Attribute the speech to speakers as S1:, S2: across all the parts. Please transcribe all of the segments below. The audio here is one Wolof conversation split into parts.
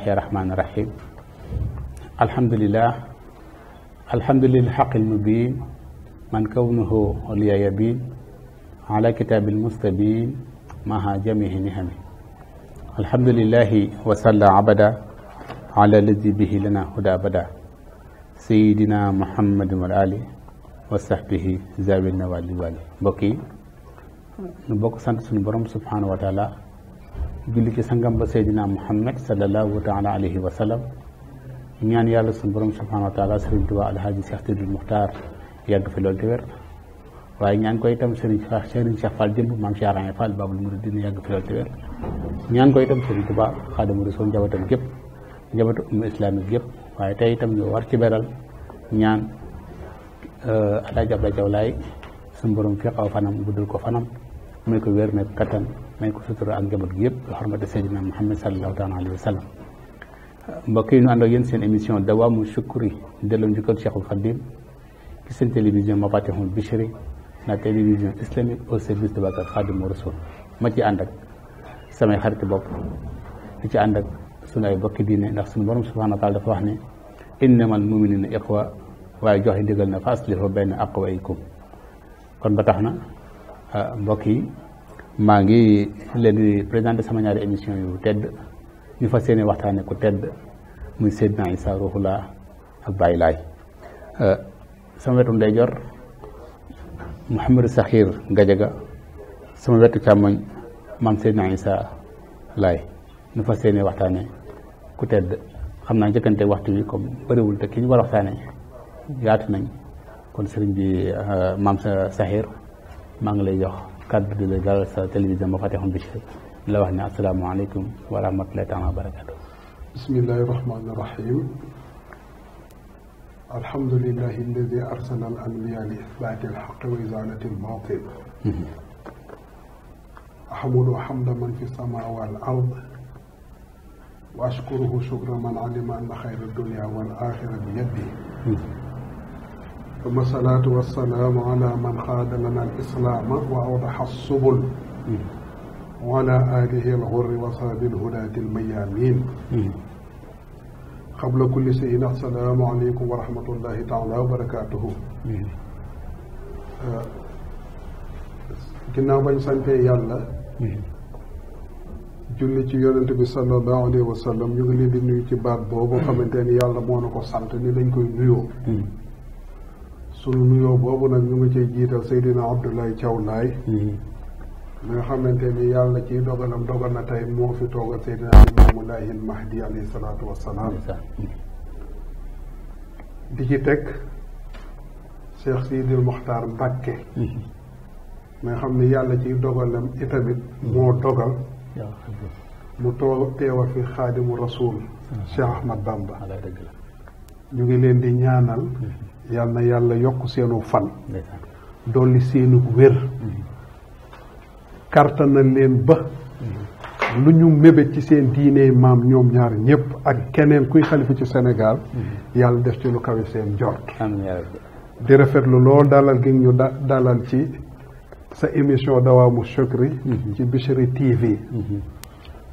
S1: bismillahi rahmaani rahim alhamdulilah alhamdulilah xaqil mubin man kawnuhu awliya yabin ala kitaabil mustabin maha jamihi nihami alhamdulilahi wasalla abada ala lazi bihi lana huda bada sayidina muhammadin wal ali wa sahbihi zawil nawali wali mbokk yi nu bokk sant suñu borom subhanahu wa taala julli ci sangam ba seydina muhammad sallallahu taala alayhi wa sallam ñaan yàlla suñu borom subhanahu wa taala sëriñ tuba alhaaji cheikh tidul muxtaar yàgg fi loolu te wér waaye ñaan koy itam sëriñ fa sëriñ cheikh fall jëmb maam cheikh rahmé fall babul muridin yàgg fi loolu te wér ñaan koy itam sëriñ tuba xaadimu rasul njabootam gépp njabootu umma islamique gépp waaye tey itam ñu war ci beral ñaan euh, alhaaji abdoulaye jaw laay suñu borom fiqaw fanam guddul ko fanam muy ko wér nekk kattan may ko sutura ak njaboot gi yëpp xormati seydina Muhammad sallallahu taala alayhi wa sallam mbokk yi ñu ànd ak seen émission dawaamu shukri delloo njukkal Cheikhul Khadim ci seen télévision Mafatihul Bichri na télévision islamique au service de Bakar Khadimu Rasul ma ci ànd ak samay xarit bokk di ci ànd ak sunu ay bokki diine ndax sunu borom subhanahu wa taala dafa wax ne innamal muminina iqwa waaye joxe ndigal na fa aslihu bayna aqwaykum kon ba tax na ah, mbokk yi maa ngi leen di présenté sama ñaari émission yu tedd ñu fas yéene waxtaane ku tedd muy Seydina Issa Ruhullah ak Baye Laay euh, sama wetu ndeyjoor saxiir Sakhir Gadiaga sama wetu càmmoñ maam Seydina Issa lay ñu fas yéene waxtaane ku tedd xam naa njëkkante waxtu bi comme bariwul te ki ñu war a waxtaane yaatu nañ kon sëriñ bi euh, maam Sakhir maa ngi lay jox kaddu di la dalal sa télévision ba Fatihul Bichri di la wax ne asalaamaaleykum wa rahmatullahi taala wa barakaatu.
S2: bismillahi rahmaani rahim. alhamdulillahi alladi arsala al anbiya li ithbati al xaqi wa izalati al batil. ahmadu hamda man fi sama wal ard. wa ashkuruhu shukra man alima anna xayra dunya wal axira bi yadihi suma salaatu wassalaamu ala man xaada lana al islaama wa awdaxa subul wa ala aalihi al xurri wa saabil hudaati al mayaamin xabla kulli sayin assalaamu aleykum wa rahmatullahi taala wa barakaatuhu ginnaaw bañ santee yàlla julli ci yonent bi sallallahu alayhi wa sallam ñu ngi leen di nuyu ci baat boobu xamante ni yàlla moo na ko sant ni dañ koy nuyoo sunu nuyoo boobu nag ñu ngi ciy jiital Seydina Abdoulaye Thiaw Laay mm-hmm. mi nga xamante ni yàlla ciy dogalam dogal na tey moo fi toogal Seydina Imaamullahi Mahdi alayhi salaatu wassalaam mm-hmm. di ci teg Cheikh Sidil Mokhtar mm-hmm. xam ne yàlla ciy dogalam itamit moo dogal mu too teewal fi xaadimu rasul Cheikh Ahmad Bamba ñu ngi leen di ñaanal yal na yàlla yokk seenu fan dolli seenu wér kartanal leen ba
S3: mm-hmm.
S2: lu ñu mébét ci seen diine maam ñoom ñaar ñëpp ak keneen kuy xalifa ci Sénégal mm-hmm. yàlla def ci lu kawe seen jort di rafetlu lool dalal gi ñu da dalal ci sa émission dawaamu Chukri mm-hmm. ci Bichri TV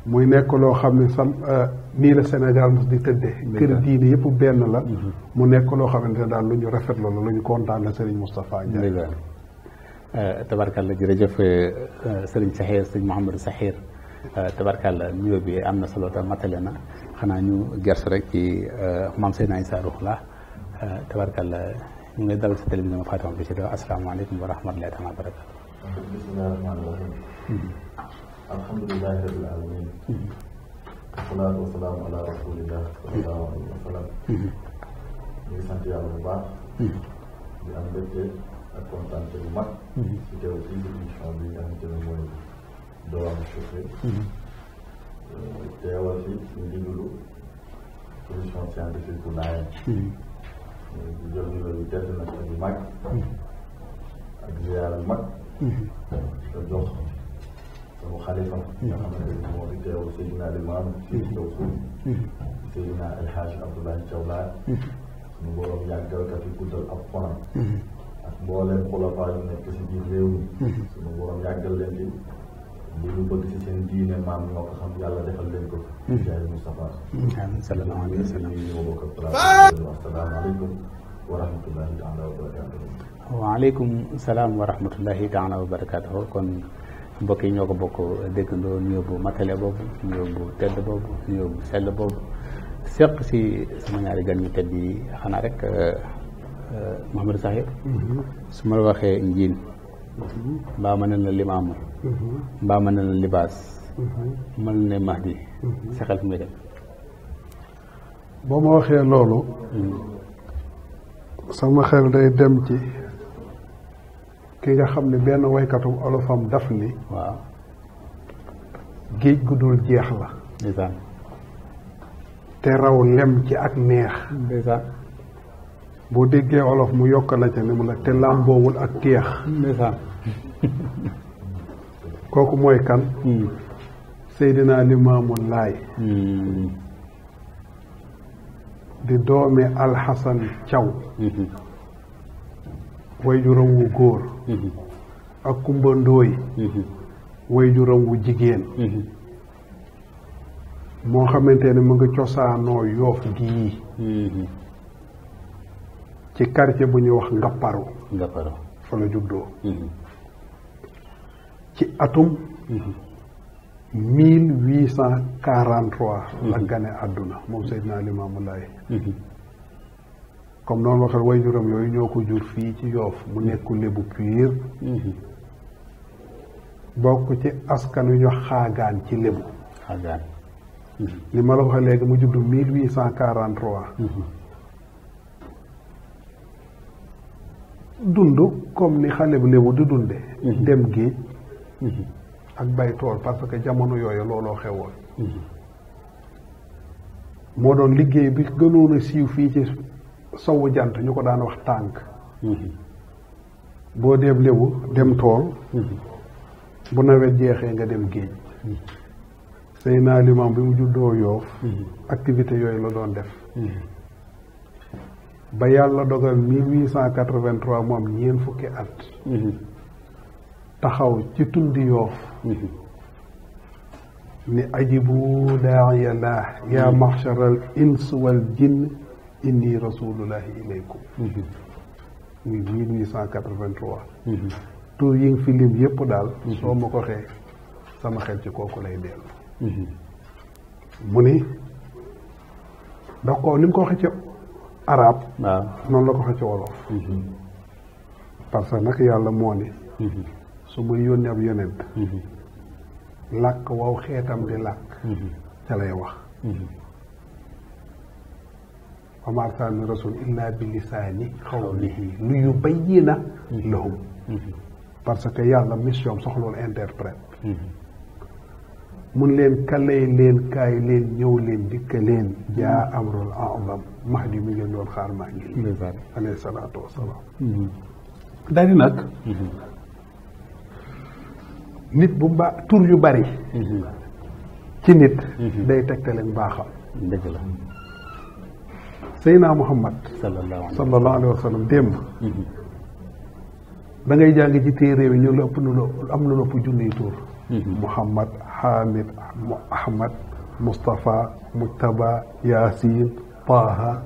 S2: muy nekk loo xam ne sam euh, nii la Sénégal mos di tëddee. kër diine yëpp benn la. Mhm. mu nekk loo xamante ne daal lu ñu rafetlu la lu ñu kontaan la Serigne Moustapha Ndiaye.
S1: Euh, tabarkalla jërëjëf euh, Serigne Saxiir Serigne Mouhamadou Saxiir euh, tabarkalla nuyoo bi am na solo te matale na xanaa ñu gersu rek ci maam Seydina Issa Rouhou Laye tabarkalla ñu ngi lay dalal sa télévision Fatima bi ci daaw asalaamaaleykum wa rahmatullahi taala wa barakatu.
S3: Mhm.
S4: alhamdulilah rabbil alamin mhm. salaatu wa salaam ala rasulillah sallallahu alayhi wa sallam ñu ngi sant yàlla bu baax di am mbégte ak kontaan bu mag si teew fii si émission bi nga xamante ne mooy Doomu Chauffeur teewal si ñu diglu commission scientifique bu laayam di jël ñu loolu tedd nag ak yu mag ak ziyaar yu mag te jox sunu xalifa nga xamante ni moo fi teew Seydina Limaam ci kaw suuf Seydina Alxaaj Abdoulaye Thiawlaat suñu borom yàggal ka fi guddal ab fanam ak mbooleem xulafaa yu nekk si biir réew mi suñu borom yàggal leen di li ñu bëgg si seen diine maam ñoo ko xam yàlla defal leen ko jaay Moustapha sallallahu alayhi wa sallam ñëw bokk asalaamaaleykum wa rahmatullahi
S3: taala wa barakatuhu
S1: waaleykum salaam wa rahmatullahi taala wa barakatuhu kon mbokk yi ñoo ko bokk déggandoo nuyoo bu matale boobu nuyoo bu tedd boobu nuyoo bu sell boobu seq si sama ñaari gan ñu tedd yi xanaa rek euh, euh, Mouhamadou Sakhir mm-hmm. su ma waxee njiin mm-hmm. mbaa ma ne la limaamu mm-hmm. mbaa ma ne libaas mën ne Mahdi sa xel fi muy dem
S2: boo ma waxee loolu
S3: mm.
S2: sama xel day dem ci ki nga xam ne benn woykatu olofam daf ni waaw géej gu dul jeex la ndeysaan te raw lem ci ak neex boo déggee olof mu yokk la ca ne mu la te làmboowul ak teex ndeysaan kooku mooy kan hmm. Seydina Limaamu Laay hmm. di doomi Alxasan Caw hmm. way juróom wu góor mhm. ak kumba mhm. way juróom wu jigéen mhm. moo xamante ne mu ngi cosaanoo yoof gii ci quartier bu ñuy wax Ngapparu Ngapparu fa la juddoo ci atum mille huit cent quarante trois la gane àdduna moom Seydina Limaamu Laay comme noonu waxal way juram yooyu ñoo ko jur fii ci yoof mu nekk lébu piir mhm. bokk ci askan wi ñu xaagaan ci lébu xaagaan mhm. li ma la waxee léegi mu juddu mille huit cent quarante trois mhm. dund comme ni xale bu lébu di dunde dem géej ak bay tool parce que jamono yooyu looloo xewoon moo doon liggéey bi gënoon siiw fii ci sowu jant ñu ko daan wax tànk mhm. boo deeb lébu dem tool mhm. bu nawet jeexee nga dem géej mhm. sëy naa limaam bi mu juddoo yoof activité yooyu la doon def ba yàlla dogal mille huit cent quatre moom ñeent fukki at taxaw ci tundi yoof ni ajibu daa'iya llah yaa mahshar al jinn inni rasulullahi ilaykum muy mille huit cent yi nga fi lim yëpp daal soo ma ko xee sama xel ci kooku lay dellu mu ni ndax ko ni mu ko waxee ci arab waaw la ko waxee ci wolof parce que nag yàlla moo ni su may yónni ab yonent làkk waw xeetam di làkk ca lay wax wa ma arsalna rasul illa bi lisaani xawlihi lu yu bayyina que yàlla mission soxlool interprète mun leen kalay leen kaay leen ñëw leen dikka leen jaa amrul azam mahdi mi ngeen doon xaar maa ngi alayhi salaatu wasalaam mm-hmm. daal di nag mm-hmm. nit bu ba tur yu bari mm-hmm. ci nit day tegtale mbaaxam dëgg la Seydina Muhammad sallallahu alayhi wa sallam démb mm-hmm. da ngay jàng ci ñu la nu la am lu ëpp junniy tur mm-hmm. Muhammad Hamid Ahmad Moustapha Mujtaba Yaasin Taha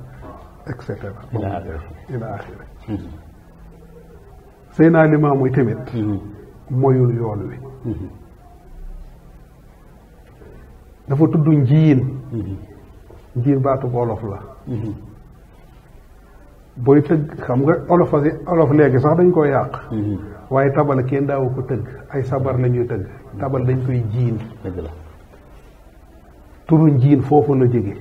S2: et cetera ila axira mm-hmm. Seydina Limaamu tamit moyul yoon wi dafa tudd njiin njiin baatu wolof la Mhm. booy tëgg xam nga olof olof léegi sax dañ koo yàq. Mhm. waaye tabal kenn daawu ko tëgg ay sabar la ñuy tëgg mhm. tabal dañ koy jiin. turu njiin foofu na jóge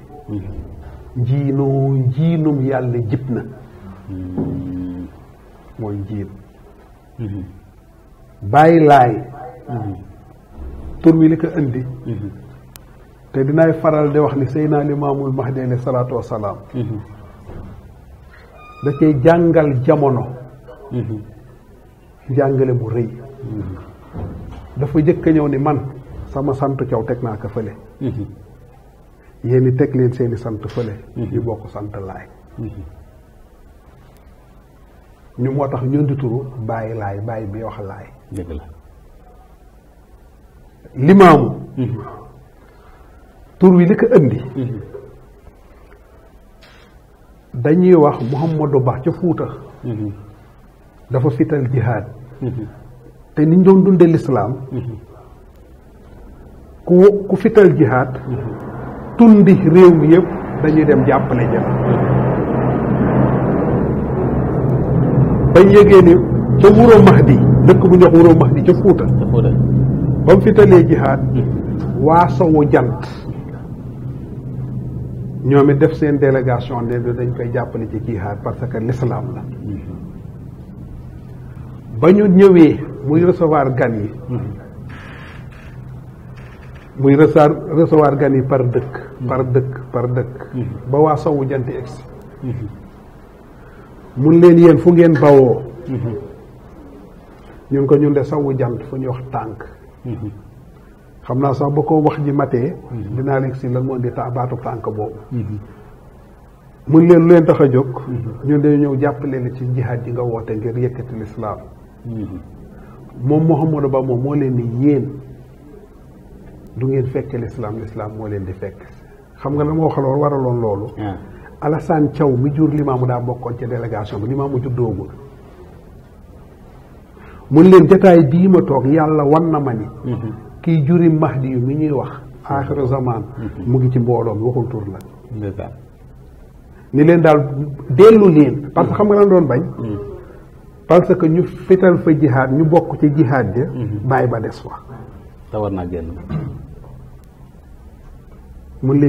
S2: njiinoo njiinum yàlla jib na. mooy njiin. bàyyi laay. tur wi li ko indi. te dinaay faral di wax ni Seydina Limaamul Mahdi alayhi salaatu wa salaam mhm. da cay jàngal jamono mhm. jàngale mu rëy mhm. dafa jëkk ñëw ni man sama sant caw teg naa ko fële yéen teg leen seeni sant fële ñu bokk sant laay ñu moo tax ñoom di turu bàyyi laay bàyyi bi wax laay limaamu tur wi li ko indi mm-hmm. dañuy wax Mouhamadou Ba ca Fuuta mm-hmm. dafa fital jihaad mm-hmm. te niñ doon dunde lislaam ku ku fital jihaad tundi réew mi yëpp dañuy dem jàppale jël bañ yégée ni ca Wuro Mahdi dëkk bu ñox Wuro Mahdi ca Fuuta ba mu fitalee jihaad waa jant ñoom it def seen délégation ne dañ koy jàppale ci jihaad parce que l'islam la ba ñu ñëwee muy recevoir gan yi muy recevoir recevoir gan yi par dëkk par dëkk par dëkk ba waa sowu jant egsi mun leen yéen fu ngeen bawoo ñun ko ñun de sowu jant fu ñuy wax tànk xam naa sax ba ko wax ji matee. dinaa leen si la moo indi ta baatu tànk boobu. Mm-hmm. mun leen lu leen tax a jóg. Mm-hmm. ñun dañu ñëw jàppale la ci jihaad ji nga woote ngir yëkkati lislaam mm-hmm. Ba moom moo leen ni yéen ngeen fekke lislaam lislaam moo leen di fekk xam nga la ma waxaloon waraloon loolu. Alassane Thiaw mi jur limaamu daa bokkoon ca délégation bi limaamu juddoogul mun leen jataay bii ma toog yàlla wan na ma ni. kii juri mahdi yu mu ñuy wax aaxiru zaman mu ngi ci mbooloo mi waxul tur la ni leen daal dellu leen parce que xam nga lan doon bañ mm. parce que ñu fital fa jihaad ñu bokk ci jihaad ja mm-hmm. bàyyi ba des fa te war leen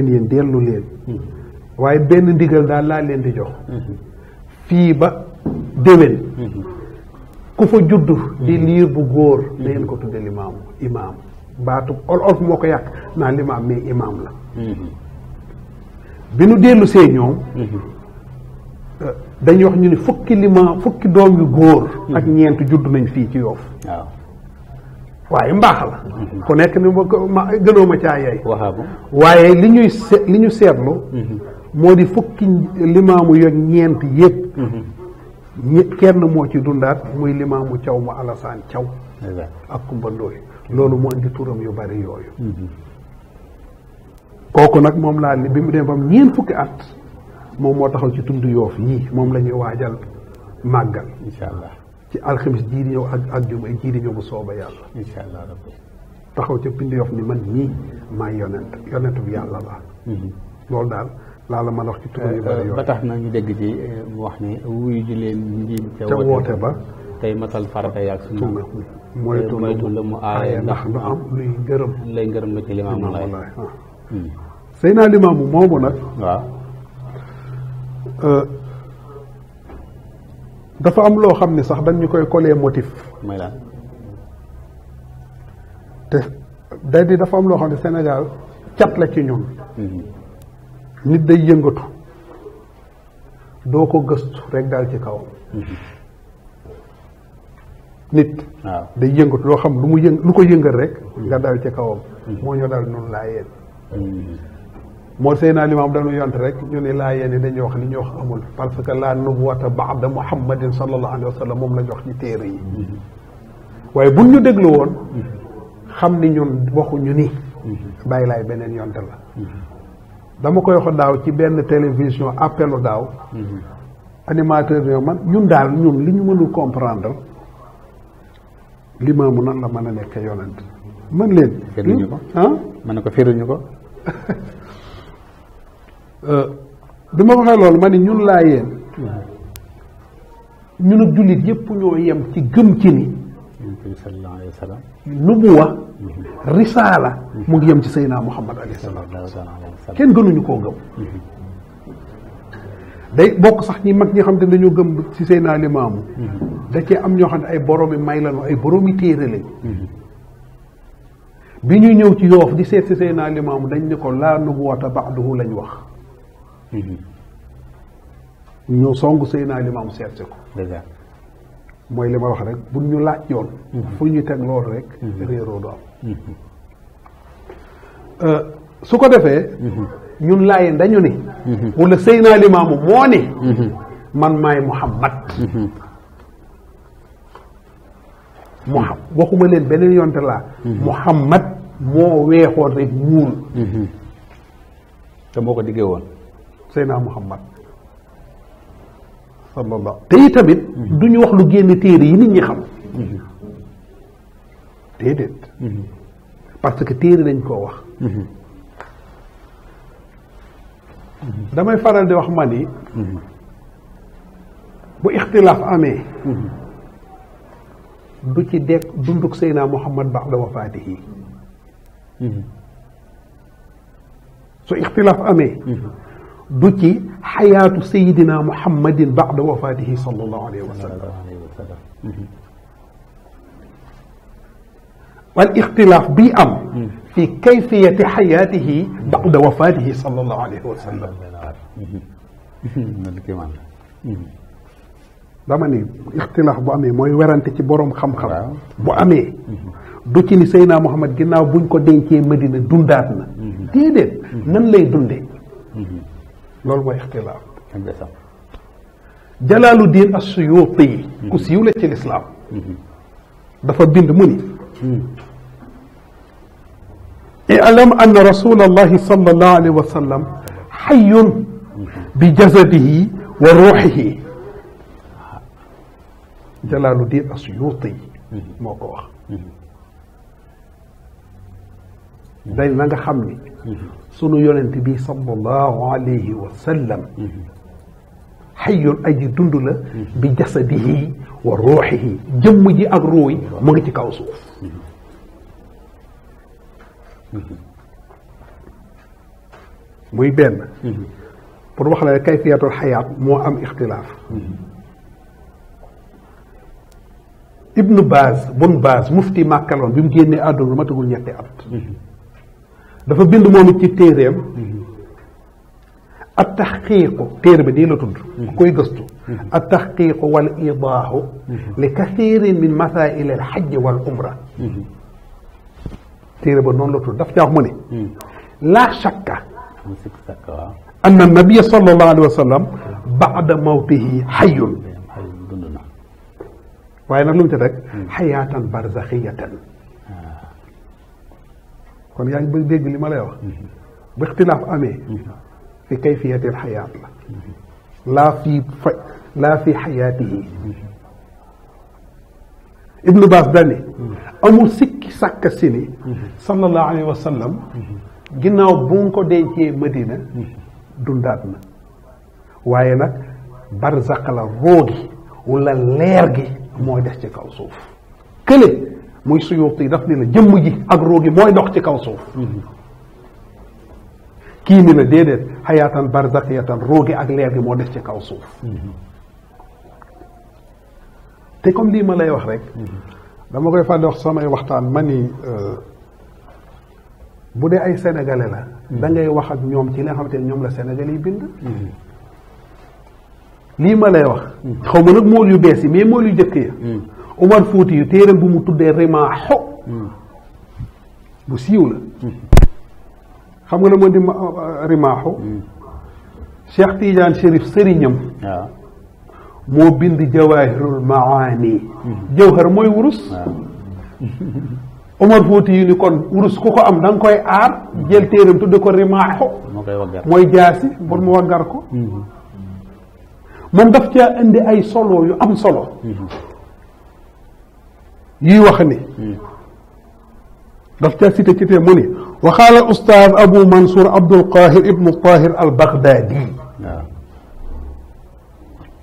S2: yéen dellu leen mm-hmm. waaye benn ndigal daal laa leen di jox mm-hmm. fii ba déwén ku fa judd di liir bu góor na ko tudde limaamu imaam baatu ol ol moo ko yàq naa limaam mais imaam la mhm. bi nu dellu see ñoom mhm. euh, dañuy wax ñu ne fukki limaam fukki doom yu góor mhm. ak ñeent judd nañ fii ci yoof waaw waaye mbaax la ku nekk ni ma
S1: gënoo ma caa yey
S2: waaye li ñuy li ñu seetlu moo di fukki limaamu yog ñeent yëpp kenn moo ci dundaat muy limaamu caw ma alasaan caw ak kumba ndóoy loolu moo indi turam yu bari yooyu mhm. kooku nag moom laa li bi mu dem bam ñeent fukki at moom moo taxaw ci tund yoof yii moom la ñuy waajal màggal incha allah ci alxamis jii di ak àjjuma jii di ñëw bu sooba yàlla incha allah taxaw ca pind ni man ñii maay yonent yonent bu yàlla la mhm. loolu daal laa la mën wax ci turam yu bari yooyu tax
S1: na ñu dégg ci eh, wax ni wuyu ca woote ba tey matal farata yaak sunna moytu moytu mu aaye ndax du am luy ngërëm lay ngërëm la ci limaamu laay
S2: sëy hmm. moomu nag waaw euh, dafa am loo xam ne sax dañ koy coller motif may lan te day di dafa am loo xam ne Sénégal cat la ci ñun hmm. nit day yëngatu doo ko gëstu rek daal ci kaw hmm. nit waaw day yëngatu loo xam lu mu yëng lu ko yëngal rek nga dal ci kawam moo ñoo dal noonu laa yéen hmm. moo sey naa limaam dañu yont rek ñu ne laa yéen dañuy wax li ñu wax amul parce que la nubuwata baada muhammadin sallallahu alayhi wa sallam moom la jox wax ci téere yi hmm. waaye bu ñu déglu woon hmm. xam ni ñun waxuñu ni bàyyi laay beneen yonte la dama ko wax daaw ci benn télévision appelu daaw animateur bi man ñun daal ñun li ñu mënul comprendre limaamu nan la mën a nekk yonent
S1: mën leen. firiñu ko ah. mën na ko firiñu ko. Euh,
S2: bi ma waxee loolu ma ni ñun laa yéen. Hmm. ñun ak jullit yépp ñoo yem ci gëm ci ni.
S1: sallallahu alayhi wa sallam.
S2: nubuwa. Hmm. risaala. mu ngi yem ci Seydina Muhammad alayhi salaam. kenn gënuñu koo gëm. day bokk sax ñi mag ñi xam te dañoo gëm ci seen alimaamu mm-hmm. da cee am ñoo xam ne ay boroomi may lañu ay boroomi téere lañ mm-hmm. bi ñuy ñëw ci yoof di seet si seen alimaamu dañ ne ko laa nubuwata ba'dahu lañ wax mm-hmm. ñu song naa alimaamu seet si ko mooy li ma wax rek bu ñu laaj yoon fu ñu teg loolu rek réeroo du am euh, su ko defee ñun laayeen dañu ne mhm. wala Seydina Limaamu moo ne mhm. man maay Muhammad mhm. Muhammad waxuma leen beneen yonte laa Muhammad moo weexoon rek ñuul te moo ko diggee woon Seydina Muhammad sallallahu tamit du ñu wax lu génn téere yi nit ñi xam déedéet parce que téere lañ koo wax damay faral di wax ma ni bu ixtilaaf amee du ci dekk dunduk Seydina Muhammad baxda wafaatihi su ixtilaaf amee du ci xayaatu Seydina Muhammadin baxda wafaatihi sallallahu alayhi wa sallam wal ixtilaaf bii am fi kayfiyati xayaatihi bada wafaatihi sallallahu alayhi wa sallam dama ne bu amee mooy werante ci boroom xam-xam bu amee du ci ni Seydina Muhammad ginnaaw buñ ko dencee Madina dundaat na déedéet nan lay dundee
S1: loolu mooy ixtilaaf
S2: jalaalu diin as-Suyuuti ku siiw la ci lislaam dafa bind mu ni اعلم أن رسول الله صلى الله عليه وسلم حي بجسده وروحه جلال الدين السيوطي moo ko wax day na nga xam ni sunu yonent bi sallallahu alayhi wa sallam xayyun aji dund la bi jasadihi wa ruuxihi jëmm ji ak ruuy mu ngi ci kaw suuf Mhm. muy benn. Mhm. pour wax la kayfiyatul xayaat moo am ixtilaaf. Mhm. Ibnu Baaz Bun Baaz mufti màkkaloon bi mu génnee àdduna lu matagul ñetti at. dafa bind moom it ci téeréem. at taxqiiqu téere bi nii la tudd. koy gëstu. at taxqiiqu wal idaaxu. li kathirin min masaail al xajj wal umra. téere ba noonu la tudd daf caa wax mu ne. Hmm. laa shakka. anna nabiya sallallahu alayhi wa sallam. baada mawtihi xayyun. Hmm, waaye nag lu mu ci rek. xayaatan hmm. barzaxiyatan. Ah. kon yaa ngi dégg li ma lay wax. bu ixtilaaf amee. fi kayfiyatil xayaat la. laa fi fa laa fi xayaatihi ibnu baas dani amul sikki sàkka si ni sallallahu alayhi ginnaaw bu ko dencee madina dundaat na waaye nag barzaq la roo leer gi moo des ci kaw suuf kële muy suyuuti daf ni la jëmm ji ak roo gi mooy dox ci kaw suuf kii ni la déedéet xayaatan barzaqiyatan roo gi ak leer gi moo des ci kaw suuf te comme lii ma lay wax rek dama koy fàtte wax samay waxtaan ma ni euh, bu dee ay sénégalais la da ngay wax ak ñoom ci li nga xamante ne ñoom la Sénégal yi bind lii ma lay wax xaw ma nag mool yu bees yi mais mool yu jëkk ya Omar Fouti yu téeram bu mu tuddee rimaaxu bu siiw la xam nga la moo di rimaaxu Cheikh Tidiane Chérif sëriñam moo bind jawahirul maani jawhar mooy wurus Omar Fouti yu ni kon wurus ko ko am da nga koy aar jël téeram tudde ko rimaaxu mooy jaasi pour mu waggar ko moom mm-hmm. daf caa indi ay solo yu am solo mm-hmm. wax ni mm-hmm. daf caa cité ci te mu ni waxaala ustaaz Abu Mansour Abdul ibnu Tahir al Baghdadi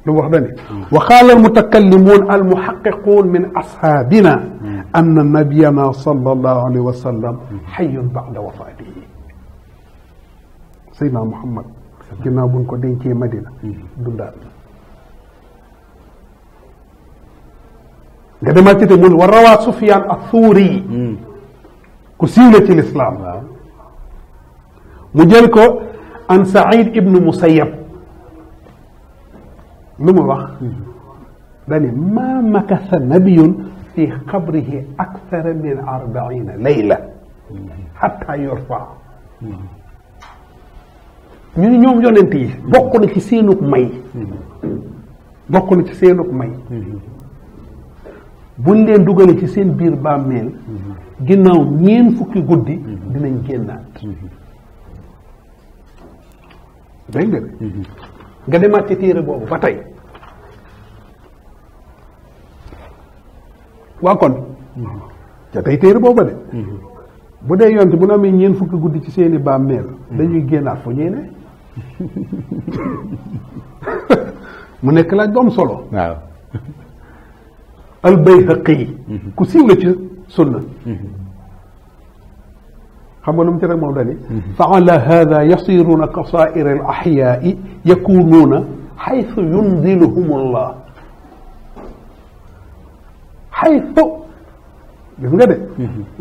S2: lu mu wax dani wa qaala almutakallimuun almuhaqiquun min ashaabina anna nabiyana sallallahu alayhi wa sallam xayyun ba'da wafaatihi Seydina Muhammad ginnaaw buñ ko dencee Madina dundaat nga demaat ci te mun wa rawaa Sufyaan athuuri ku siiw la ci lislaam mu jël ko an Saïd ibnu Musayyab lu mu wax dani maa makasa nabiyun fi xabrihi akthara min arbaina layla xatta yurfa ñu ñoom yonent yi bokk na ci seenug may bokk na ci seenug may buñ leen dugalee ci seen biir bàmmeel ginnaaw ñeen fukki guddi dinañ génnaat dégg nga ci téere boobu ba tey waa kon ca tey téere booba de bu dee yonte bu nu amee ñeent fukki guddi ci seeni bàmmeel dañuy génnaat fu ñuy ne mu nekk laaj bu am solo waaw albayhaqi mhm. ku siiw la ci sunna xam nga nu mu ci rek moom dani mhm. fa ala hada yasiruna kasair al axyaai yakunuuna xaytu yundiluhum allah حيث بالنبي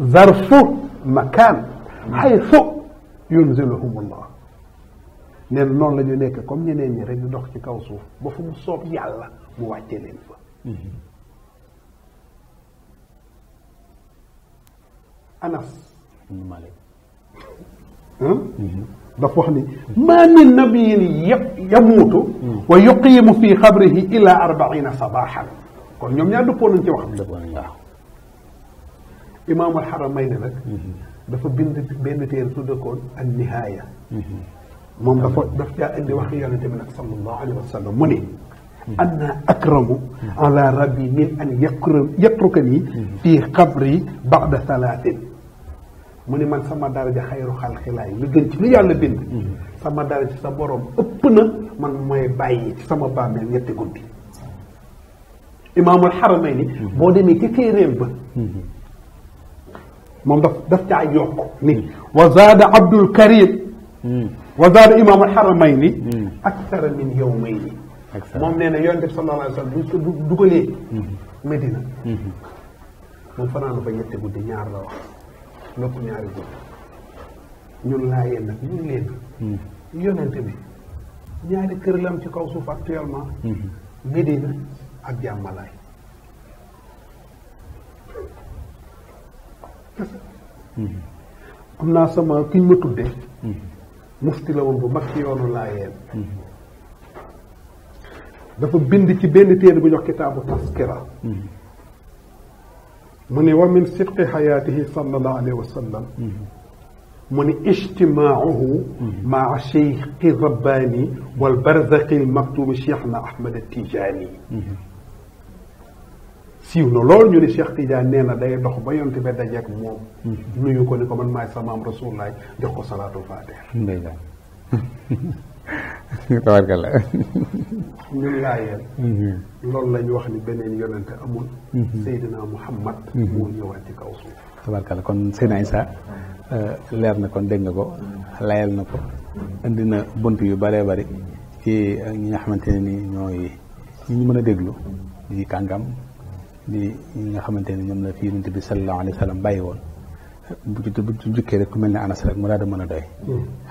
S2: ظرف مكان حيث ينزلهم الله neen noonu la ñu nekk comme ñeneen ñi rek ñu dox ci kaw suuf ba fu mu soob yàlla mu wàccee leen fa
S1: anas malik hmm? mhm.
S2: dafa wax ni maa min nabiyin yamuutu wa yuqiimu fi xabrihi ila arbaina sabaxan kon ñoom ñaar dëppoo nañ ci wax waaw imaamul xaramayni nag dafa bind benn téere su dëkkoon ak nihaaya mhm. moom dafa daf caa indi wax yonente bi nag sallallahu alayhi wa sallam mu ne mhm. anna akramu mhm. ala rabbi min an yakru yatrukani fii xabri ba'da salaatin mu ni man sama daraja xayru xalxilaay lu gën ci lu yàlla bind sama daraja sa borom ëpp na man mooy bàyyi ci sama bàmmeel ñetti guddi imaamul xaramayni boo demee ci téeréem ba moom daf daf caa yokk ni wa zaada abdul karim wa zaada imaamul xaramayni aksara min yawmayni moom nee na yonent bi sallallahu alayhi wa sallam buñ ko dugalee Medina moom fanaan fa ñetti guddi ñaar la wax lépp ñaari guddi ñun laa yéen nag ñun leen hmm. yonent bi ñaari kër lam ci kaw suuf actuellement hmm. Medina ak jàmmalaay am naa sama kiñ ma tudde hmm. mufti la woon bu mag ci yoonu laayeen hmm. dafa bind ci benn téere bu jox kitaabu taskira hmm. mu ne wa min sidqi xayaatihi sallallahu alayhi wa sallam mu ne ijtimaahu maa cheikhi rabbaani wal barzaqi maktubi cheikhna ahmad tijaani siiw na lool ñu ne Cheikh Tidiane nee na day dox ba yonte ba dajeek moom nuyu ko ni ko man maay samaam rasulullah jox ko salaatul faatiha
S1: tabarkalla
S2: ñun laayeen mhm. loolu lañu wax ni beneen yonente amul mhm. Seydina Muhammad mhm. moo ñëwaat ci kaw suuf
S1: tabarkalla kon Seydina Isa euh, leer na kon dégg nga ko layal na ko indi na bunt yu bëree bëri ci ñi nga xamante ne ni ñooy ñi ñu mën a déglu di kàngam li nga xamante ne ñoom la fi yonent bi sallallahu alayhi wa sallam bàyyi woon bu ci bu jukkee rek ku mel ni anas rek mu daal di mën a doy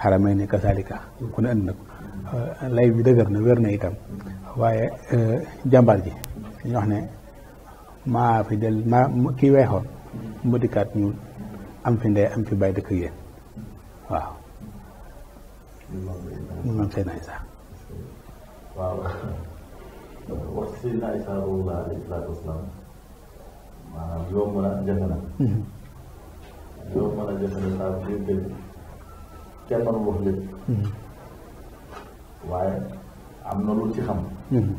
S1: xaramay hmm. ni kasaalika hmm. ku ne andi na euh, lay bi dëgër na wér na itam waaye euh, jàmbaar ji ñu wax ne maa fi del maa kii weexoon mu dikkaat ñu am fi ndey am fi bàyyi dëkk yéen waaw
S4: hmm. maanaam yomb na jafe na yomb na jafe na saa biir dëgg kenn mënu wax lépp hmm. waaye am na lu ci xam hmm.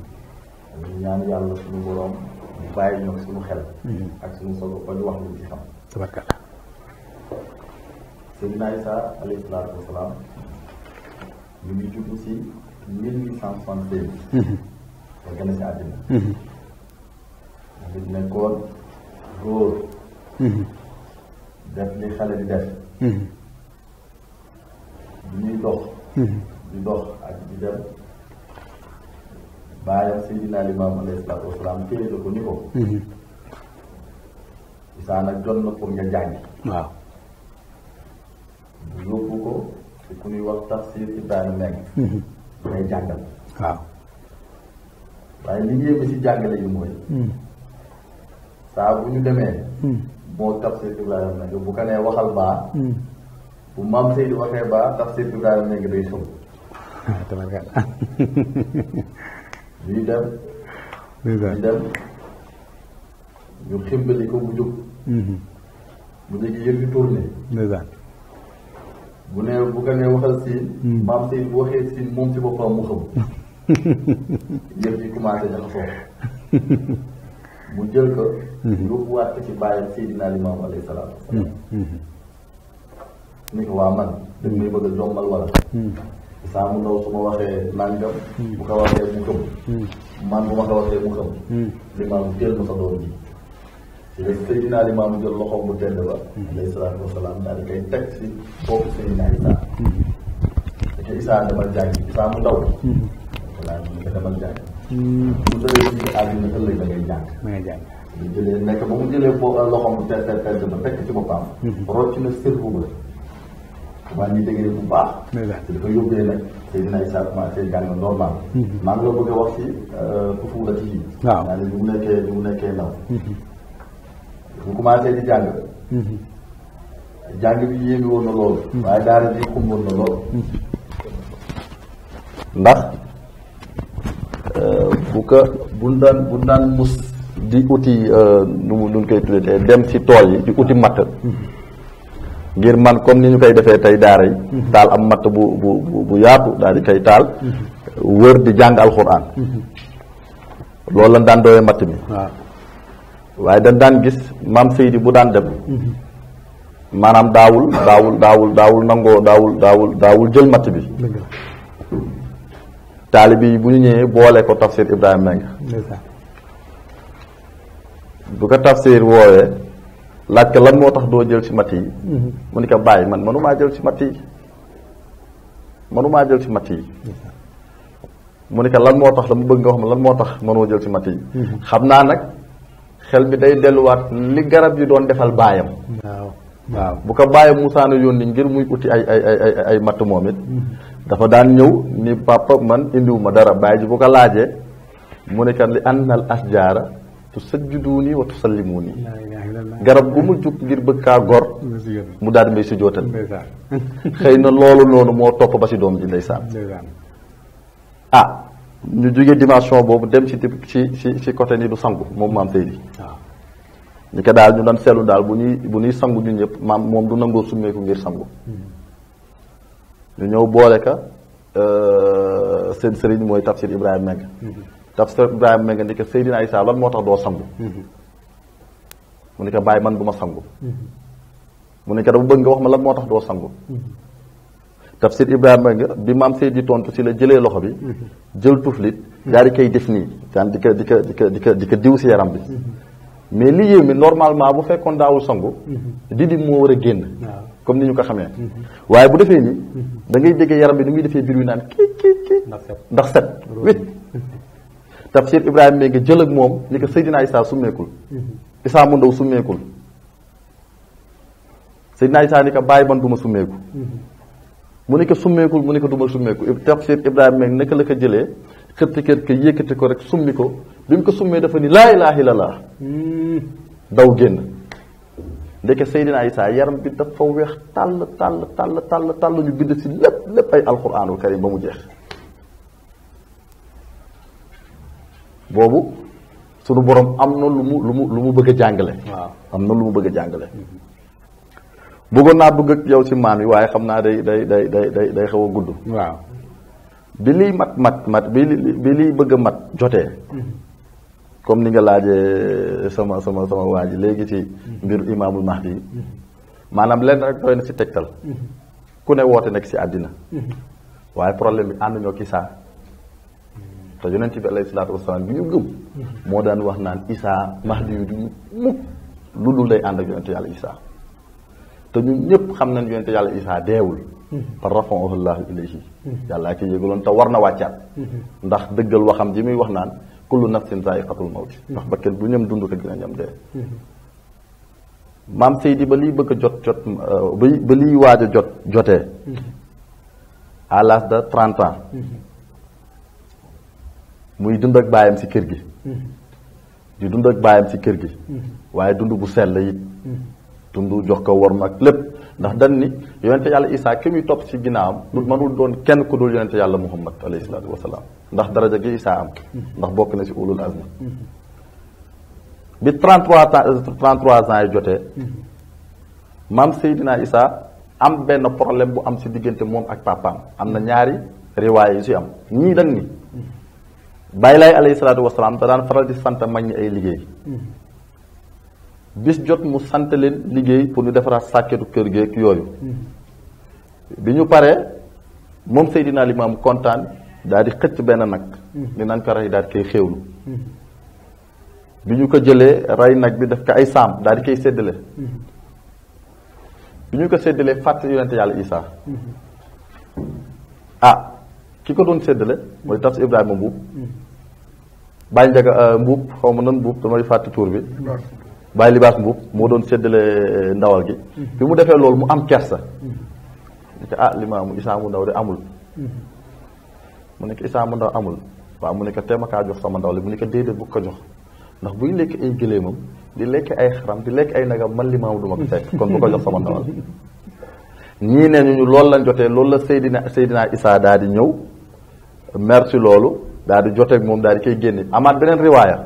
S4: ñu ñaan yàlla suñu boroom ñu bàyyi ñoom suñu xel hmm. ak suñu solo ba wax lu ci xam tabarkalla Seydina Isa alayhi salaatu wasalaam ñu ngi si mille huit cent seize ba gën a si àddina ngi nekkoon góor mhm. def li xale di def bu mhm. ñuy dox mhm. di dox ak di dem baayam Seydina Limaam alayhi salaatu wasalaam téye la ko ni ko isaa nag jot na pour nga jàng waaw bu yóbbu ko ci ku ñuy wax tafsir Ibrahima Mbengue ngay jàngal waaw waaye liggéey bi ci jàngale yi mooy saa bu ñu demee. moo hmm. tafsir Ibrahima Niang bu ko nee waxal baa. Hmm. bu maam Seydou waxee baa tafsir Ibrahima Niang day sum.
S1: ah tabaraka. ñuy dem. ñuy dem
S4: ñu ximbali ko mu jóg. Hmm. mu jóg yëf yi tourné. bu nee bu ko nee waxal siin. maam Seydou bu waxee siin moom ci boppam mu xam. yëf yi commencé na mu jël ko. yóbbuwaat mhm. ko ci bàyyam Seydina Limaamu alayhi salaatu
S3: wasalaam. Mhm. Mhm.
S4: ni waa man dañ may bëgg a jommal wala. saa mu ndaw su ma waxee nangam. bu ko waxee mu gëm. man bu ma ko waxee mu gëm. Limaamu teel ma sa doom ji. ci la Seydina Limaamu jël loxoom bu tedd ba. alayhi salaatu wasalaam daal di koy teg ci foofu Seydina Isaa. te Isaa demal jàngi Isaa mu ndaw. voilà mu ngi demal jàngi. bu tëddee fii ci àdduna ëllëg da ngay jàng. da ngay jàng. bu jëlee nekk ba mu jëlee boo loxoom per per per dina fekk ci boppam. rocc na sërbu ba. waaye ñu déggee bu baax. te dafa yóbbee nag te dina ay saako ma see jàng normal. maa ngi la bëgg a wax si tufuura ci yi. waaw yaa ngi mu nekkee mu nekkee ndaw. bu commencé di jàng. jàng bi yéeme woon na lool. waaye daara ji xumboon na lool. ndax. bu ko buñ daan buñ daan mus di uti euh, nu mu nu koy tuddee dem ci tool yi di uti matt ngir man comme ni ñu koy defee tey daara yi taal am matt bu bu bu yaatu daa di koy taal wër di jàng alxuraan loolu lañ daan doyee matt mi da dañ daan gis maam Seydi bu daan dem maanaam daawul daawul daawul daawul nangoo daawul daawul daawul jël matt bi taalibe yi bu ñu ñëwee boole ko tafsir Ibrahima Mbengue bu ko tafsir woowee laaj ko lan moo tax doo jël si mat yi mhm. mu ni bàyyi man mënumaa jël si mat yi mënumaa jël si mat yi mu ni lan moo tax la mu bëgg nga wax ma lan moo tax mënoo jël ci mat yi mhm. xam naa nag xel bi day delluwaat li garab yi doon defal baayam waaw waaw bu ko bàyyi Moussa na yónni ngir muy uti ay ay ay ay ay matt moom it
S3: mhm.
S4: dafa daan ñëw ni papa man indiwuma dara bàyyi bu ko laajee mu ne kat li annal asjaara tusajjiduuni wa tusallimuuni garab gu mu jug ngir bëgg kaa gor mu daal di si sujjootal
S3: xëy na loolu
S4: noonu moo topp ba si doom ji ndeysaan ah ñu jógee dimension boobu dem ci ci ci ci côté ni du sangu moom maam tey di ñu ah. ko daal ñu doon seetlu daal bu ñuy bu ñuy sangu ñu ñëpp maam moom du nangoo summeeku ngir sangu hmm. ñu ñëw boole ka euh, seen sëriñ mooy tafsir Ibrahima Mbengue mhm. tafsir Ibrahima Mbengue ni ko Seydina Issa lan moo tax doo sangu mhm. mu ne ko bàyyi man bu ma sangu mhm. mu ne ko dama bëgg nga wax ma lan moo tax doo sangu tafsir Ibrahima Mbengue bi maam Seydi tontu si la jëlee loxo bi jël tuflit daal di koy def nii daan di ko di ko di ko diw si yaram bi mais li yéeme normalement bu fekkoon daawul sangu di moo war a génn comme ni ñu ko xamee mhm. waaye bu defee ni mhm. da ngay déggee yaram bi ni muy defee biir wi naan
S3: kii kii kii ndax set wét mhm.
S4: tafsir ibrahima ma nga jël ak moom ni ko Seydina Isaa summeekul Isaa mu ndaw summeekul Seydina Isaa ni bàyyi man du ma summeeku mu ne ko summeekul mu ne ko du ma summeeku tafsir ibrahima meeg naka la ko jëlee xëtti kër ko yëkkati ko rek summi ko bi mu ko summee dafa ni laa ilaaha illallaah daw génn ndeke Seydina Isa yaram bi dafa weex tàll tàll tàll tàll tàll ñu bind si lépp lépp ay alquranul karim ba mu jeex boobu sunu borom am na lu mu lu mu lu mu bëgg jàngale waaw am na lu mu bëgg a jàngale bëggoon naa dugg ak yow si maam yi waaye xam naa day day day day day day xaw a gudd waaw bi liy mat mat mat bi li bi liy bëgg a mat jotee mm-hmm. comme ni nga laajee eh, sama sama sama waa ji léegi ci mbiru imaamul mahdi yi maanaam lenn rek doy na si tegtal ku ne woote nekk si àddina waaye problème bi ànduñoo ki saa te yonent bi alayhi salaatu wasalaam bi ñu gëm moo daan wax naan isaa mahdi yu duñu mukk lu dul day ànd ak yonent yàlla isaa te ñun ñëpp xam nañ yonent yàlla isaa deewul par rafa'ahu llaahu ilayhi yàllaa ki yégaloon te war na wàccaat ndax dëggal waxam ji muy wax naan kullu nafsin zaiqatul mawt ndax bakkan bu ñam dund ko dina ñam dee mhm. maam Seydi ba liy bëgg jot jot ba liy waaj a jot jotee mhm. à l'âge de mhm. muy dund ak baayam si kër gi dund ak baayam si kër gi waaye dund bu sell it dund jox ko worm ak lépp ndax dan ni yonente yàlla isaa ki muy topp ci ginnaawam du mënul doon kenn ku dul yonente yàlla muhammad alayhi salaatu wasalaam ndax daraja gi isaa am ndax bokk na ci ulul azma bi 33 ans 33 ans yi jotee maam Seydina isaa am benn problème bu am ci diggante moom ak papaam am na ñaari riwaay yu ci am ñii dan ni bàyyi laay alayhi salaatu wasalaam da daan faral di sant mañ ñi ay liggéey bis jot mu sant leen liggéey pour ñu defaraat sàkketu kër geeg yooyu hmm. bi ñu paree moom Seydina Limaam kontaan daal di xëcc benn nag hmm. ni nañ ko rey daal di koy xéewlu hmm. bi ñu ko jëlee rey nag bi daf ko ay saam daal di koy séddale bi ñu ko séddalee fàtte yonente yàlla Isaa ah ki ko doon séddale mooy tas Ibrahima Mbuub bàyyi njaga euh, Mbuub xaw ma nan Mbuub damay fàtte tuur bi bàyyi libaas mbuub moo doon séddale euh, ndawal gi mhm. bi mu defee loolu mu am kersa mhm. nekk ah limaamu isaa mu ndaw de amul mhm. mu nekk isaa mu ndaw amul waaw mu nekk teem akaa jox sama ndaw li mu nekk déedéet bu ko jox ndax buy lekk ay gëléemam di lekk ay xaram di lekk ay nagam man limaamu duma ko fekk kon bu ko jox sama ndawal ñii ne ñu loolu lañ jotee loolu la Seydina Seydina Isaa daal di ñëw merci loolu daal di joteeg moom daal di koy génne amaat beneen riwaaya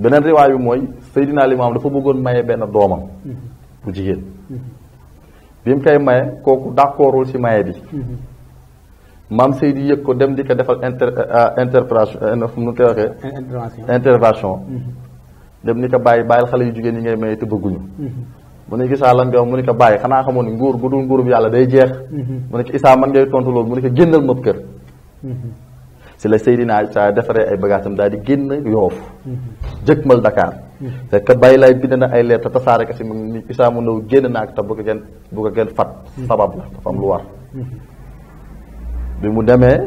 S4: beneen riwaay bi mooy Seydina Limaam dafa bëggoon maye benn doomam mhm. bu jigéen mhm. bi mu koy maye kooku d'accordul ci maye bi mhm. maam Seydi yëg ko dem di ko defal inter euh, interprétation fu euh, mu koy waxee intervention dem ni ko bàyyi bàyyil xale yu jigéen ñi ngay maye te bëgguñu mu ne gisaa lan nga mu ne ko bàyyi xanaa xamoon ne nguur gu dul nguurub yàlla day jeex mu ne ko isaa man ngay tontu loolu mu ne ko génnal mëp kër ci la Seydina saa defaree ay bagaasam daal di génn yoof jëkkmal Dakar c'est que bàyyi lay bind na ay lettre tasaare ko si ni isaa mu naw génn naak ak bu ko gën bu ko gën fat hmm. sabab la dafa am lu hmm. bi mu demee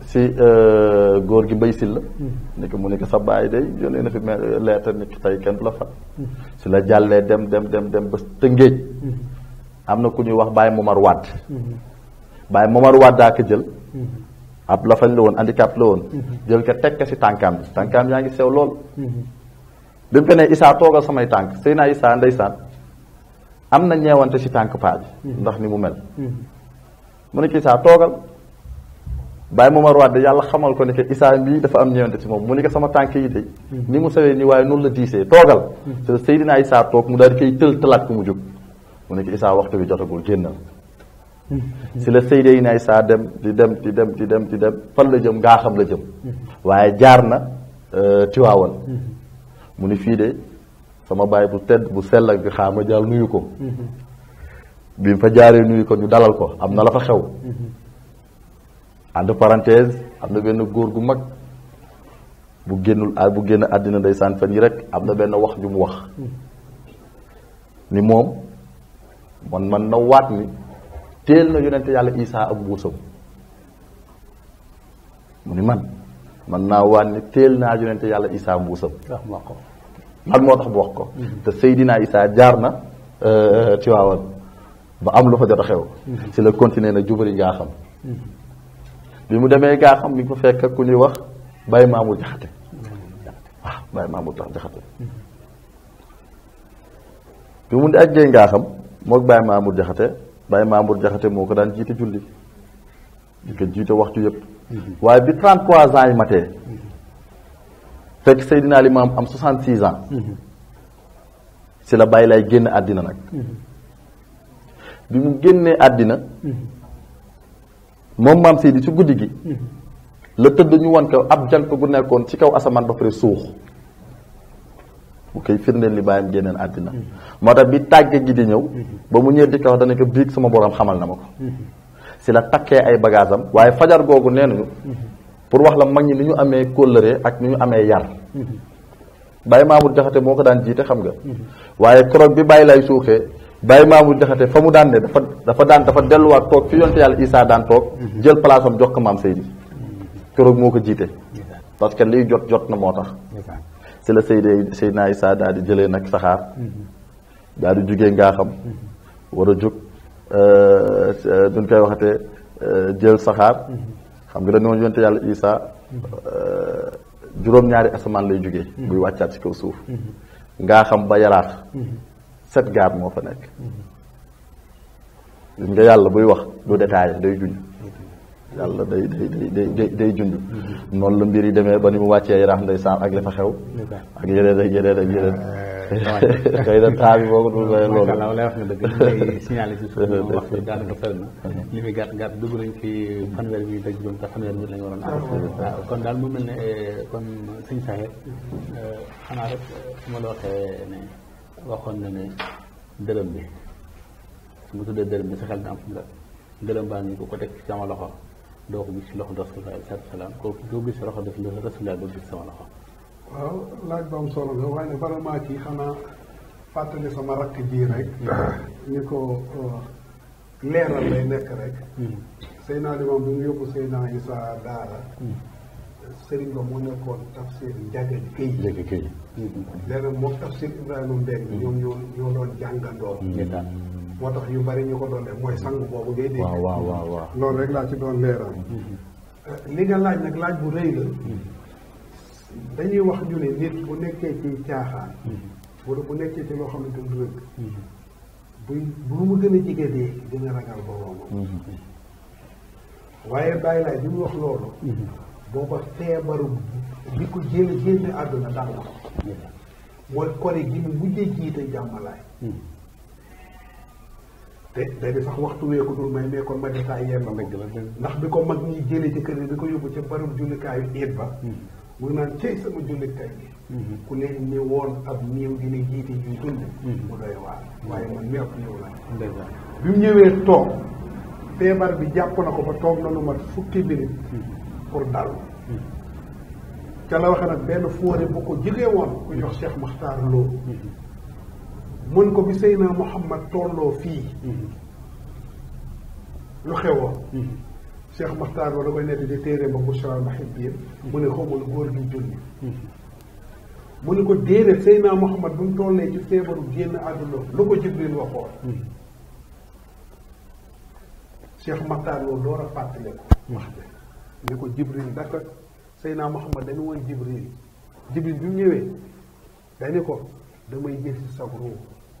S4: si euh, góor gi bay sil la hmm. mu ni ko sa baay day la jàllee dem dem dem dem ba Tëngéej am na ku ñuy wax Baye Momar Wade Baye Momar Wade daa jël ab lafañ la woon handicap la woon mhm. jël ko teg ko si tànkaam bi tànkaam yaa ngi sew lool mhm. bi mu ko Issa toogal samay tànk sëy naa Issa ndeysaan am na ñeewante si tànk paa mhm. ndax ni mu mel mu ne Issa toogal bàyyi Momar Wade yàlla xamal ko ne que Issa bii dafa am ñeewante si moom mu ne sama tànk yi de ni mu sawee nii waaye noonu la diisee toogal te Seydina Issa toog mu daal di koy tël tëlaat ko mu jóg mu ne Issa waxtu bi jotagul génnal si la sëy day nay saa dem di dem di dem di dem fan la jëm ngaa xam la jëm waaye jaar na euh, Tiwaawan mu ni fii de sama baay bu tedd bu sell ak bi xaar ma jaar nuyu ko bi mu fa jaaree nuyu ko ñu dalal ko am na la fa xew entre parenthèse am na benn góor gu mag bu génnul ah, bu génn àddina ndeysaan fan yi rek am na benn wax ju mu wax ni moom man man na waat ni teel na yonente yàlla isaa ak buusam mu ni man man naa waan ne teel naa yonente yàlla isaa mbuusam lan moo tax bu wax ko mhm. te Seydina isaa jaar na euh, euh, Tiwaawan ba am lu fa jot a xew mhm. ci la continuer na jubali ngaa xam mhm. bi mu demee ngaa xam mi ngi fa fekk ku ñuy wax Baye Mamour Jaxate waaw Baye Mamour tax Jaxate bi mu di ajjee ngaa xam moog Baye Mamour Jaxate Baye Mamour Jaxate moo ko daan jiite julli di mm-hmm. ko jiite waxtu yëpp mm-hmm. waaye bi 33 ans yi matee mm-hmm. fekk Seydina Limaam am 66 ans si la Baye lay génn àddina nag bi mu génnee àddina moom maam Seydi si guddi gi la tëdd ñu won ko ab jant gu nekkoon ci kaw asamaan ba pare suux bu koy firndeel li bàyyam génneen àddina moo tax bi tàggee gi di ñëw ba mu ñëw di ko wax dana ko biig sama borom xamal na ma ko si la takkee ay bagage waaye fajar googu nee nañu pour wax la mag ñi ni ñu amee kóllëre ak ni ñu amee yar bàyyi maamu jaxate moo ko daan jiite xam nga waaye koroog bi bàyyi lay suuxee bàyyi maamu jaxate fa mu daan ne dafa dafa daan dafa delluwaat toog fi yonte yàlla Isaa daan toog jël place jox ko maam Seydi koroog moo ko jiite parce que jot jot na moo tax ci la Seydina Seydina Isa daal di jëlee nag saxaar mm-hmm. daal di jugee ngaa xam mm-hmm. war a jug duñ euh, euh, koy waxatee euh, jël saxaar mm-hmm. xam nga dañoo yonte yàlla Isa juróom-ñaari asamaan lay jugee buy wàccaat ci kaw suuf ngaa xam ba yaraax set gaar moo fa nekk gis nga yàlla buy wax du détaillé day juñ yàlla day day day day day junj noonu la mbir yi demee ba ni mu wàccee yaraax ndeysaan ak li fa xew ak yeneen ak yeneen ak yeneen xëy na taa bi boo ko dul loolu la lay wax na dëgg signalé ci suuf moom wax bi
S1: daanaka fel na li muy gàtt gàtt dugg nañ fi fanweer bi daj juróom te fanweer bi lañ waroon ah, waaw kon daal mu mel ne eh, kon sëñ Saxeer eh, xanaa rek su ma la waxee ne waxoon na ne dërëm bi su ma tuddee dërëm bi sa xel na am fu mu la dërëm baa ngi ko ko teg ci sama loxo doo ko gis loxo rasulullah alayhi salaam kooku doo gis loxo def lu rasulullah doo gis sama loxo.
S3: waaw
S2: laaj ba am solo la waaye bala maa kii xanaa fàttali sama rakk ji rek. ni ko uh, leeral lay nekk rek. Hmm. Seydina Limam bi mu yóbbu Seydina Isa Daara. Hmm. Serigne Ba mu nekkoon tafsir Njaga Géy. Njaga Géy. léegi moom tafsir Ibrahima Mbengue mm-hmm. ñoom ñoo ñoo doon jàngandoo. Mm-hmm. moo tax yu bari ñu ko doon def mooy sang boobu ngay dégg. waaw waaw waaw loolu rek laa ci doon leeral. Mm-hmm. Euh, li nga laaj nag laaj bu rëy la. dañuy wax ñu ne nit bu nekkee ci caaxaan. wala bu nekkee ci loo xam ni du rëgg. buy bu mu gën a jege dee dina ragal boroomam. waaye bàyyi laay bi mu wax loolu. booba feebaru bi ko jé jénne àdduna daal la mooy kore gi mu mujjee jiite jàmmalaay te day sax waxtu wee ko dul may mais kon ma desaa yenn ndax bi ko mag ñi jëlee ci kër yi di ko yóbbu ci barab jullikaayu iit ba hmm. mu naan cey sama jullit tay bi hmm. ku leen ni woon ab néew dina jiite ñuy dund hmm. mu doy waar waaye man mi ab néew
S1: la
S2: bi mu ñëwee toog feebar bi jàpp na ko ba toog na lu mat fukki minute pour dal ca la waxee nag benn fóore bu ko jigee woon ku jox Cheikh Makhtar Lo mun ko bi Seydina Mouhamad tolloo fii lu xewoon Cheikh Makhtar Lo da koy nekk di téere ba Bushral Muhibbin mu ne xamul góor gi julli mu ne ko déedéet Seydina Mouhamad bu mu tollee ci feebaru génn àdduna lu ko Jibril waxoon Cheikh Makhtar Lo door a fàttale ko wax ni ko jibril daka Seydina Muhammad dañu woon jibril jibril bi mu ñëwee dañu ko damay jël si sa ruu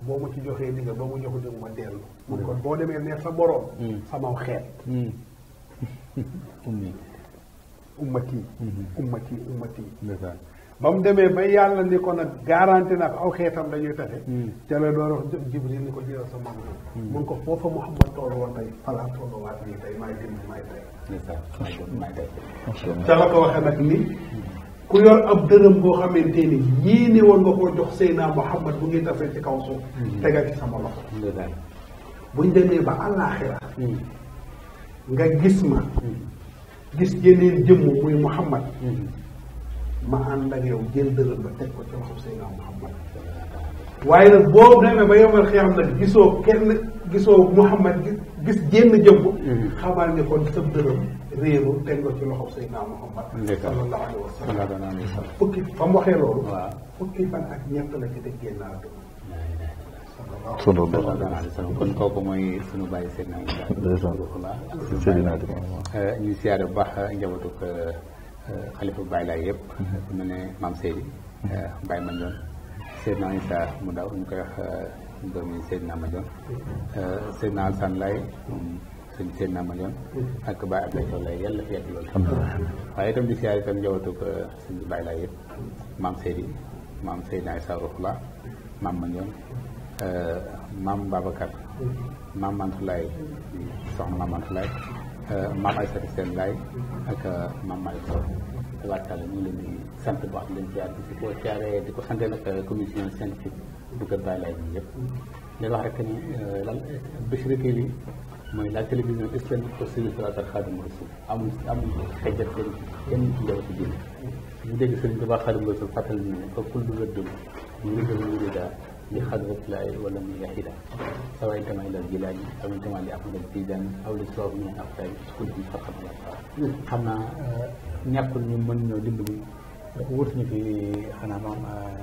S2: boo ma ci joxee ndigal ba mu jox dëgg ma dellu mun kon boo demee ne sa boroom hmm. samaw xeet hmm. hmm. ummati ummati ummati ba mu demee ba yàlla ni ko nag garanti nag aw xeetam dañuy fexe hmm. ca la door wax jibril ni ko jëlal sa mam hmm. mun ko foofa Muhammad tool woon tey falaa tool waat nii tey maay dindi maay tey maay tey hmm. ca la ko waxee nag ni ku yor ab dërëm boo xamante ni ñii ne woon nga koo jox Seydina Muhammad bu ngi tasee ci kaw suuf tegal ci sama loxo buñ demee ba àllaaxira nga gis ma gis yeneen jëmm muy Muhammad ma ànd ak yow jël dërëm ba teg
S3: ko ci loxo Seydina Muhammad
S2: waaye nag boo demee ba yomal xiyam nag gisoo kenn gisoo Muhammad gis génn jëmb mm-hmm. xamal ni kon sa dërëm réeru teg ko ci loxo Seydina Muhammad
S1: sallallahu alayhi wa sallam fukki
S2: fa mu waxee loolu fukki fan ak ñett la ci def génn àdduna sunu
S1: kon kooku mooy sunu bàyyi Seydina Muhammad eh, ñu siyaare bu baax njabootu eh, xalifa Baye Laye yëpp. ku mm-hmm. mel ne maam Seydi. Mm-hmm. Baye Mandione Seydina Issa mu daw ñu koy wax euh, doomi Seydina Mandione.
S3: Mm-hmm.
S1: Euh, naa Alsane Laye moom sëñ Seydina Mandione. ak Baye la Thiaw Laye yàlla fi yàgg loolu. waaye itam di siyaare itam njabootu ko euh, sëñ Baye Laye yëpp. maam Seydi maam Seydina Issa Rouhoula maam Mandione maam Babacar. maam Mantoulaye soxna maam Mantoulaye. Euh, maam Aïssata Sène Ndiaye ak euh, maam Malick Sow tabaarkalla ñu ngi leen di sant bu am leen jaar bi di jaaree di ko sant nag euh, commission scientifique bu Kër Baye Laye bi leen wax rek ni lan Bichri TV mooy la télévision islamique pour suñu salaatal Xaadimu Rasuul amul amul xejjat kenn kenn ci yow ci diine ñu dégg Sëriñ Tuubaa Xaadimu Rasuul fàttali ñu ne fa kullu wëddum ñu ngi gën ñu لخلوة لائل ولم يهلا سواء انتمى الى الجلال او انتمى لاحمد التيجاني او للصواب من الافكار كلهم فقط الافكار xam naa euh, ñàkkul ñu mën ñoo dimbali wut ñu fi xanaa maam euh,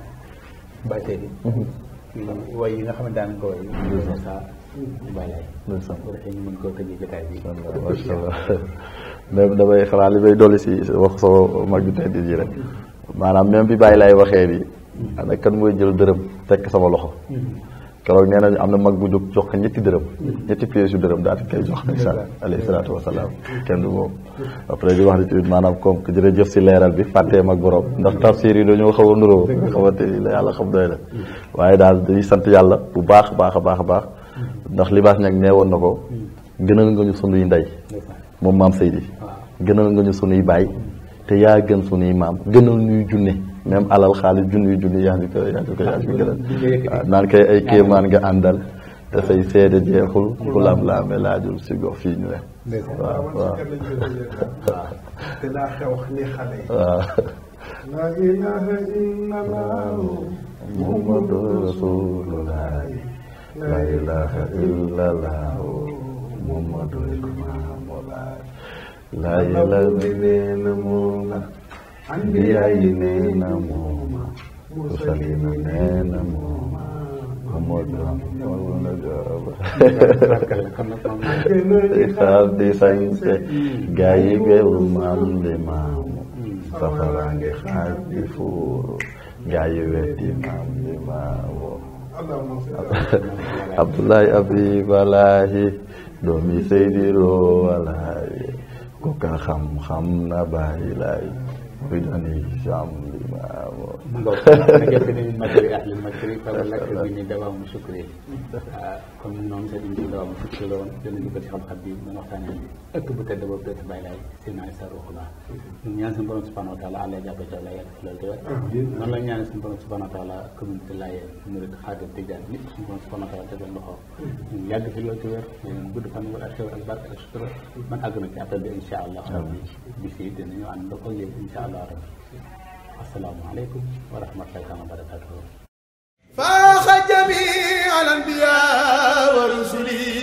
S1: Baye Seydi mm-hmm. way yi nga xam ne daan ko way mm-hmm. sa mm-hmm. Baye Laye bu defee ñu mën koo tëjee jotaay bi macha
S4: allah damay xalaat li may dolli si wax soo mag ju tedd ji rek maanaam même bi Baye Laye waxee bi ana kan mooy jël dërëm fekk sama loxo keroog nee nañu am na mag bu jóg jox ko ñetti dërëm ñetti pièces yu dërëm daal di koy jox ndeysaan alayhi salaatu wasalaam kenn du moom après di wax ni tamit maanaam comme que jërëjëf si leeral bi fàttee mag borom ndax tafsir yi dañoo xaw a nuróo xamante ni la yàlla xam doy la waaye daal dañuy sant yàlla bu baax baax a baax a baax ndax libaas ñag nee woon na ko gënal nga ñu sunuy ndey moom maam Seydi gënal nga ñu sunuy baay te yaa gën sunuy maam gënal ñuy même alal xaalis junniy junni yaa ngi ko yaa ngi ko yaa ngi ko gënal ah, naan kay ay kéemaan nga àndal te say seede jeexul ku lam-laame laajul si gox fii ñu
S3: ne waaw waaw
S2: dinaa xew ni xale yi waaw laa ilaha illallah
S3: muhammadu rasulullah laa ilaha illallah muhammadu laa ilaha
S4: illallah moom la Ndiya inena muuma
S3: kusalina neena
S4: muuma amodoon wala jooba isaab di sañse gaa yi geewul maam li maamu safaraange xaaj di fuuru gaa yi weddi maam li maamu abdullahi abi balaahi doomi seydi roo walaayi ku ka xam-xam na bàyyi laay بدعا شعب لما من مكر
S1: أهل المكر فولك بني دوام شكري كم نوم سبين دي دوام شكرون لمن يبت خب خبي من وقتنا أكبر تدبر بيت بايلاي سينا يسار وخلا نيان سنبرم سبحانه وتعالى على جابة جالا يكفل الدواء نولا نيان سنبرم سبحانه وتعالى كم تلاي نورك حاجة تجان نيك سنبرم سبحانه وتعالى تجان لها يكفل الدواء بود فن والأشياء والأشياء والأشياء من أغنك أتبع إن شاء الله بسيدنا يوعن لقل إن شاء الله taala assalaamu aleykum wa rahmatullahi wa barakatuh
S2: faaxa jamii al anbiyaa wa
S3: rusuli